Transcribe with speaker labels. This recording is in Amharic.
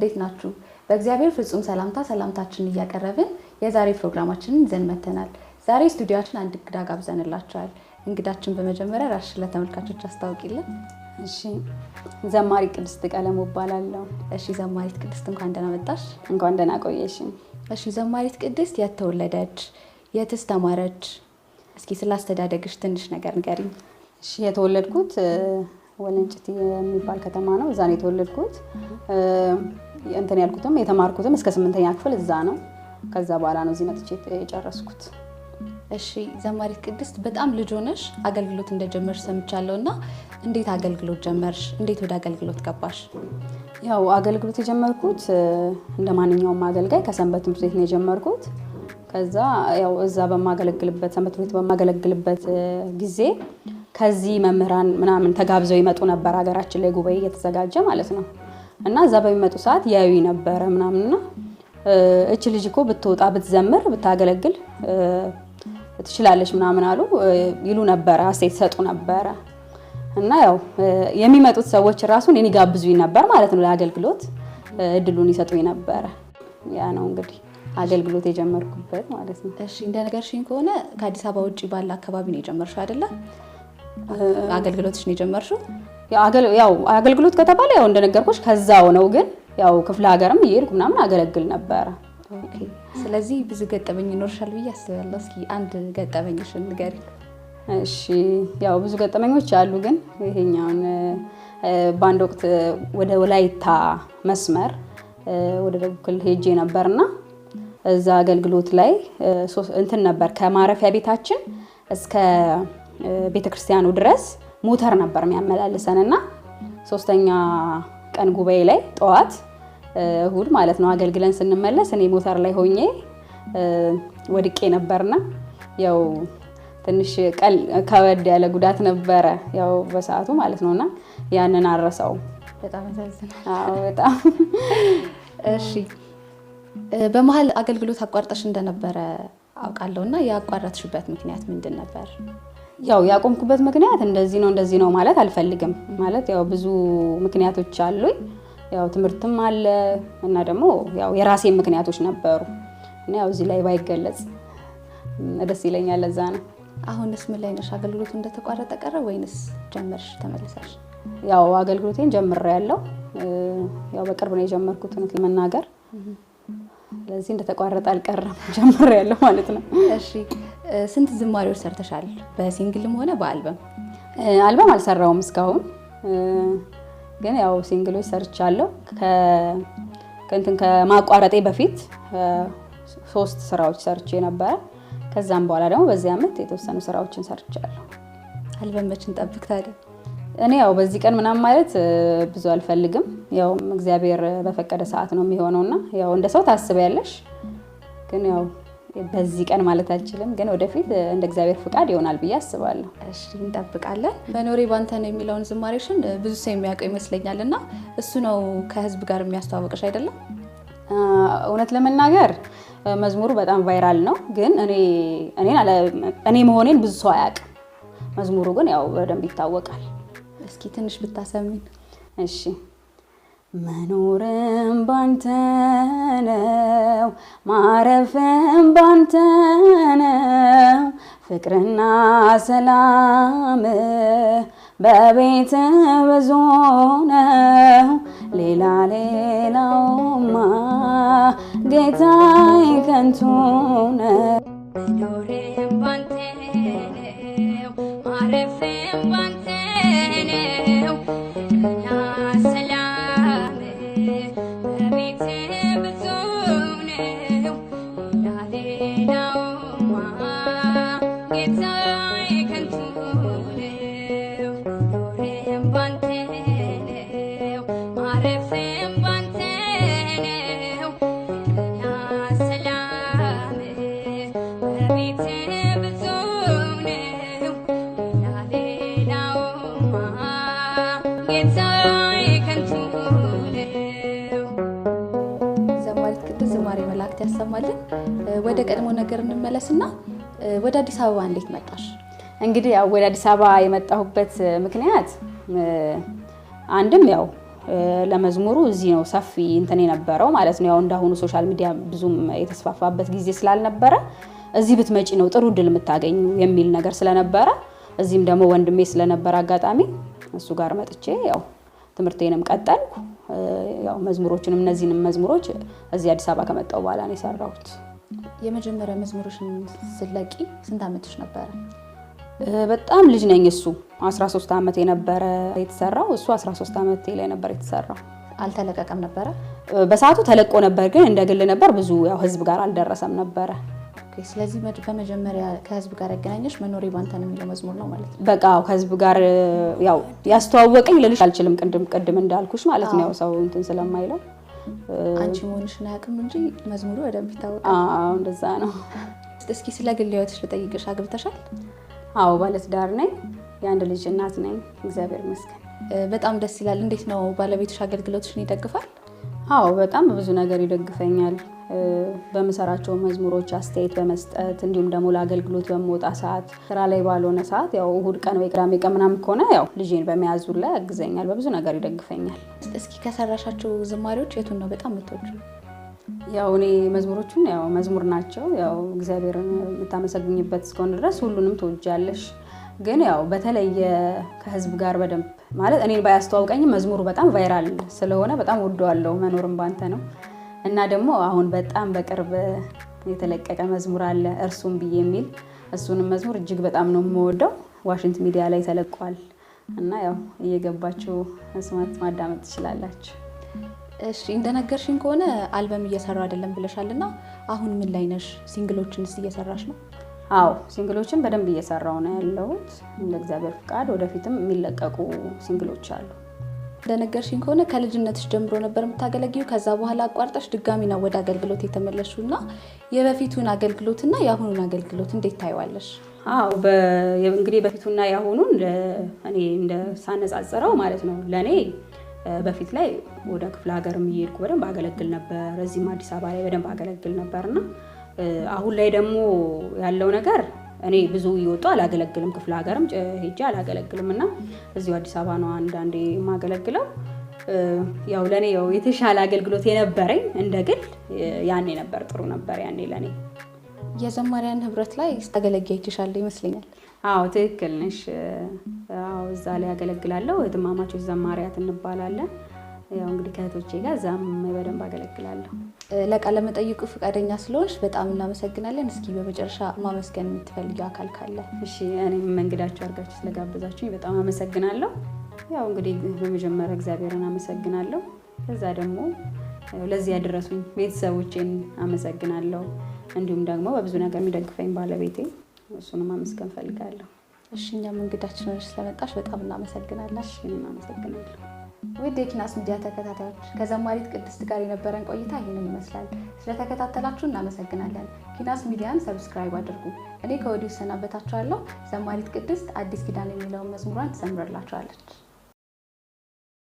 Speaker 1: እንዴት ናችሁ? በእግዚአብሔር ፍጹም ሰላምታ ሰላምታችንን እያቀረብን የዛሬ ፕሮግራማችንን ይዘን መተናል። ዛሬ ስቱዲዮችን አንድ እንግዳ ጋብዘንላቸዋል። እንግዳችን በመጀመሪያ ራስሽን ለተመልካቾች አስታውቂልን።
Speaker 2: እሺ ዘማሪ ቅድስት ቀለሙ እባላለሁ።
Speaker 1: እሺ ዘማሪት ቅድስት እንኳን ደህና መጣሽ።
Speaker 2: እንኳን ደህና ቆየሽ።
Speaker 1: እሺ ዘማሪት ቅድስት የት ተወለደች? የትስ ተማረች? እስኪ ስላስተዳደግሽ ትንሽ ነገር ንገሪኝ።
Speaker 2: እሺ የተወለድኩት ወለንጭት የሚባል ከተማ ነው። እዛ ነው የተወለድኩት። እንትን ያልኩትም የተማርኩትም እስከ ስምንተኛ ክፍል እዛ ነው። ከዛ በኋላ ነው እዚህ መጥቼ የጨረስኩት።
Speaker 1: እሺ ዘማሪት ቅድስት በጣም ልጅ ሆነሽ አገልግሎት እንደጀመርሽ ሰምቻለሁ እና እንዴት አገልግሎት ጀመርሽ? እንዴት ወደ አገልግሎት ገባሽ?
Speaker 2: ያው አገልግሎት የጀመርኩት እንደ ማንኛውም አገልጋይ ከሰንበት ትምህርት ቤት ነው የጀመርኩት። ከዛ ያው እዛ በማገለግልበት ሰንበት ትምህርት ቤት በማገለግልበት ጊዜ ከዚህ መምህራን ምናምን ተጋብዘው ይመጡ ነበር። ሀገራችን ላይ ጉባኤ እየተዘጋጀ ማለት ነው እና እዛ በሚመጡ ሰዓት ያዩ ነበረ ምናምንና እች ልጅ እኮ ብትወጣ ብትዘምር ብታገለግል ትችላለች ምናምን አሉ ይሉ ነበረ፣ አስተያየት ሰጡ ነበረ። እና ያው የሚመጡት ሰዎች ራሱን እኔ ጋብዙኝ ነበር ማለት ነው፣ ለአገልግሎት እድሉን ይሰጡኝ ነበረ። ያ ነው እንግዲህ አገልግሎት የጀመርኩበት ማለት ነው።
Speaker 1: እሺ እንደነገርሽኝ ከሆነ ከአዲስ አበባ ውጭ ባለ አካባቢ ነው የጀመርሽው አይደለ? አገልግሎትሽን የጀመርሽው
Speaker 2: ያው አገልግሎት ከተባለ ያው እንደነገርኩሽ ከዛው ነው። ግን ያው ክፍለ ሀገርም እየሄድኩ ምናምን አገለግል ነበረ።
Speaker 1: ስለዚህ ብዙ ገጠመኝ ይኖርሻል ብዬ አስባለሁ። እስኪ አንድ ገጠመኝሽን ንገሪኝ።
Speaker 2: እሺ፣ ያው ብዙ ገጠመኞች አሉ፣ ግን ይሄኛውን በአንድ ወቅት ወደ ወላይታ መስመር ወደ ደቡብ ክልል ሄጄ ነበርና እዛ አገልግሎት ላይ እንትን ነበር ከማረፊያ ቤታችን እስከ ቤተክርስቲያኑ ድረስ ሞተር ነበር የሚያመላልሰን እና ሶስተኛ ቀን ጉባኤ ላይ ጠዋት እሁድ ማለት ነው አገልግለን ስንመለስ እኔ ሞተር ላይ ሆኜ ወድቄ ነበርና ያው ትንሽ ቀል ከበድ ያለ ጉዳት ነበረ ያው በሰዓቱ ማለት ነውና ያንን አረሰው በጣም በጣም
Speaker 1: እሺ። በመሀል አገልግሎት አቋርጠሽ እንደነበረ አውቃለሁ እና ያቋረጥሽበት ምክንያት ምንድን ነበር?
Speaker 2: ያው ያቆምኩበት ምክንያት እንደዚህ ነው እንደዚህ ነው ማለት አልፈልግም። ማለት ያው ብዙ ምክንያቶች አሉኝ። ያው ትምህርትም አለ እና ደግሞ ያው የራሴ ምክንያቶች ነበሩ እና ያው እዚህ ላይ ባይገለጽ ደስ ይለኛል። ለዛ ነው።
Speaker 1: አሁንስ ምን ላይ ነሽ? አገልግሎቱ እንደተቋረጠ ቀረ ወይንስ ጀመርሽ ተመልሰሽ?
Speaker 2: ያው አገልግሎቴን ያለው ያው በቅርብ ነው የጀመርኩት እውነት ለመናገር ስለዚህ እንደተቋረጠ አልቀረም ያለው ማለት ነው።
Speaker 1: እሺ ስንት ዝማሬዎች ሰርተሻል? በሲንግልም ሆነ በአልበም?
Speaker 2: አልበም አልሰራውም እስካሁን፣ ግን ያው ሲንግሎች ሰርቻለሁ። ከእንትን ከማቋረጤ በፊት ሶስት ስራዎች ሰርቼ ነበረ። ከዛም በኋላ ደግሞ በዚህ አመት የተወሰኑ ስራዎችን ሰርቻለሁ።
Speaker 1: አልበመችን ጠብቅ ታዲያ።
Speaker 2: እኔ ያው በዚህ ቀን ምናምን ማለት ብዙ አልፈልግም። ያው እግዚአብሔር በፈቀደ ሰዓት ነው የሚሆነውና ያው እንደ ሰው ታስበያለሽ ግን ያው በዚህ ቀን ማለት አልችልም፣ ግን ወደፊት እንደ እግዚአብሔር ፍቃድ ይሆናል ብዬ አስባለሁ።
Speaker 1: እሺ እንጠብቃለን። በኖሬ ባንተ ነው የሚለውን ዝማሬሽን ብዙ ሰው የሚያውቀው ይመስለኛል እና እሱ ነው ከህዝብ ጋር የሚያስተዋወቅሽ አይደለም?
Speaker 2: እውነት ለመናገር መዝሙሩ በጣም ቫይራል ነው፣ ግን እኔ መሆኔን ብዙ ሰው አያውቅም። መዝሙሩ ግን ያው በደንብ ይታወቃል።
Speaker 1: እስኪ ትንሽ ብታሰሚን።
Speaker 2: እሺ መኖርም ባንተ ነው፣ ማረፍም ባንተ ነው። ፍቅርና ሰላም በቤት ብዙ ነው። ሌላ ሌላውማ ጌታዬ ከንቱ ነው።
Speaker 1: ዘማሪት ቅድስት ዝማሬ መላእክት ያሰማልን። ወደ ቀድሞ ነገር እንመለስና ወደ አዲስ አበባ እንዴት መጣሽ?
Speaker 2: እንግዲህ ያው ወደ አዲስ አበባ የመጣሁበት ምክንያት አንድም ያው ለመዝሙሩ እዚህ ነው ሰፊ እንትን የነበረው ማለት ነው። ያው እንዳሁኑ ሶሻል ሚዲያ ብዙም የተስፋፋበት ጊዜ ስላልነበረ እዚህ ብትመጪ ነው ጥሩ እድል የምታገኙ የሚል ነገር ስለነበረ እዚህም ደግሞ ወንድሜ ስለነበረ አጋጣሚ እሱ ጋር መጥቼ ያው ትምህርቴንም ቀጠልኩ። ያው መዝሙሮችንም እነዚህንም መዝሙሮች እዚህ አዲስ አበባ ከመጣሁ በኋላ ነው የሰራሁት።
Speaker 1: የመጀመሪያ መዝሙሮችን ስለቂ ስንት ዓመትሽ ነበረ?
Speaker 2: በጣም ልጅ ነኝ። እሱ 13 ዓመት የነበረ የተሰራው እሱ 13 ዓመት ላይ ነበር የተሰራው።
Speaker 1: አልተለቀቀም ነበረ።
Speaker 2: በሰዓቱ ተለቆ ነበር፣ ግን እንደ ግል ነበር። ብዙ ያው ህዝብ ጋር አልደረሰም ነበረ።
Speaker 1: አለብኝ። ስለዚህ በመጀመሪያ ከህዝብ ጋር ያገናኘሽ መኖሬ ባንተ ነው የሚለው መዝሙር ነው ማለት
Speaker 2: ነው። በቃ ከህዝብ ጋር ያው ያስተዋወቀኝ ልልሽ አልችልም። ቅድም ቅድም እንዳልኩሽ ማለት ነው ያው ሰው እንትን ስለማይለው
Speaker 1: አንቺ መሆንሽን አያውቅም እንጂ መዝሙሩ በደንብ ይታወቃል። እንደዛ ነው። እስኪ ስለ ግል ህይወትሽ ልጠይቅሽ። አግብተሻል?
Speaker 2: አዎ፣ ባለትዳር ነኝ። የአንድ ልጅ እናት ነኝ። እግዚአብሔር ይመስገን።
Speaker 1: በጣም ደስ ይላል። እንዴት ነው ባለቤትሽ አገልግሎትሽን ይደግፋል?
Speaker 2: አዎ በጣም ብዙ ነገር ይደግፈኛል። በምሰራቸው መዝሙሮች አስተያየት በመስጠት እንዲሁም ደግሞ ለአገልግሎት በምወጣ ሰዓት ስራ ላይ ባልሆነ ሰዓት ያው እሁድ ቀን ወይ ቅዳሜ ቀን ምናምን ከሆነ ያው ልጄን በመያዙ ላይ ያግዘኛል። በብዙ ነገር ይደግፈኛል።
Speaker 1: እስኪ ከሰራሻቸው ዝማሬዎች የቱን ነው በጣም የምትወጂው?
Speaker 2: ያው እኔ መዝሙሮቹን ያው መዝሙር ናቸው። ያው እግዚአብሔርን የምታመሰግኝበት እስከሆነ ድረስ ሁሉንም ትወጃለሽ። ግን ያው በተለየ ከህዝብ ጋር በደንብ ማለት እኔን ባያስተዋውቀኝም መዝሙሩ በጣም ቫይራል ስለሆነ በጣም ወደዋለው። መኖርም ባንተ ነው እና ደግሞ አሁን በጣም በቅርብ የተለቀቀ መዝሙር አለ እርሱም ብዬ የሚል እሱንም መዝሙር እጅግ በጣም ነው የምወደው። ዋሽንት ሚዲያ ላይ ተለቋል እና ያው እየገባችሁ መስማት ማዳመጥ ትችላላችሁ።
Speaker 1: እሺ እንደነገርሽኝ ከሆነ አልበም እየሰራ አይደለም ብለሻል እና አሁን ምን ላይ ነሽ? ሲንግሎችንስ እየሰራሽ ነው?
Speaker 2: አዎ ሲንግሎችን በደንብ እየሰራው ነው ያለሁት። እንደ እግዚአብሔር ፍቃድ ወደፊትም የሚለቀቁ ሲንግሎች አሉ።
Speaker 1: እንደነገርሽኝ ከሆነ ከልጅነትሽ ጀምሮ ነበር የምታገለግዩ። ከዛ በኋላ አቋርጠሽ ድጋሚ ነው ወደ አገልግሎት የተመለሹ እና የበፊቱን አገልግሎትና የአሁኑን አገልግሎት እንዴት ታይዋለሽ?
Speaker 2: አዎ እንግዲህ በፊቱና የአሁኑን እኔ እንደ ሳነጻጽረው ማለት ነው ለእኔ በፊት ላይ ወደ ክፍለ ሀገር የሚሄድኩ በደንብ አገለግል ነበር። እዚህም አዲስ አበባ ላይ በደንብ አገለግል ነበርና አሁን ላይ ደግሞ ያለው ነገር እኔ ብዙ እየወጡ አላገለግልም፣ ክፍለ ሀገርም ሄጄ አላገለግልም እና እዚሁ አዲስ አበባ ነው አንዳንዴ የማገለግለው። ያው ለእኔ ያው የተሻለ አገልግሎት የነበረኝ እንደ ግል ያኔ ነበር፣ ጥሩ ነበር ያኔ ለእኔ።
Speaker 1: የዘማሪያን ህብረት ላይ ስታገለግይ ይችሻል ይመስለኛል።
Speaker 2: አዎ ትክክል ነሽ። እዛ ላይ ያገለግላለሁ። እህትማማቾች ዘማሪያት እንባላለን። ያው እንግዲህ ከእህቶቼ ጋር እዛም በደንብ አገለግላለሁ።
Speaker 1: ለቃለ መጠይቁ ፈቃደኛ ስለሆንሽ በጣም እናመሰግናለን። እስኪ በመጨረሻ ማመስገን የምትፈልገው አካል ካለ?
Speaker 2: እሺ፣ እኔም እንግዳችሁ አድርጋችሁ ስለጋበዛችሁኝ በጣም አመሰግናለሁ። ያው እንግዲህ በመጀመሪያ እግዚአብሔርን አመሰግናለሁ። ከዛ ደግሞ ለዚህ ያደረሱኝ ቤተሰቦቼን አመሰግናለሁ። እንዲሁም ደግሞ በብዙ ነገር የሚደግፈኝ ባለቤቴ እሱንም አመስገን ፈልጋለሁ።
Speaker 1: እሺ፣ እኛም እንግዳችን ስለመጣሽ በጣም እናመሰግናለን። እናመሰግናለሁ። ውድ የኪናስ ሚዲያ ተከታታዮች ከዘማሪት ቅድስት ጋር የነበረን ቆይታ ይህንን ይመስላል። ስለተከታተላችሁ እናመሰግናለን። ኪናስ ሚዲያን ሰብስክራይብ አድርጉ። እኔ ከወዲሁ ሰናበታችኋለሁ ዘማሪት ቅድስት አዲስ ኪዳን የሚለውን መዝሙሯን ትዘምርላችኋለች።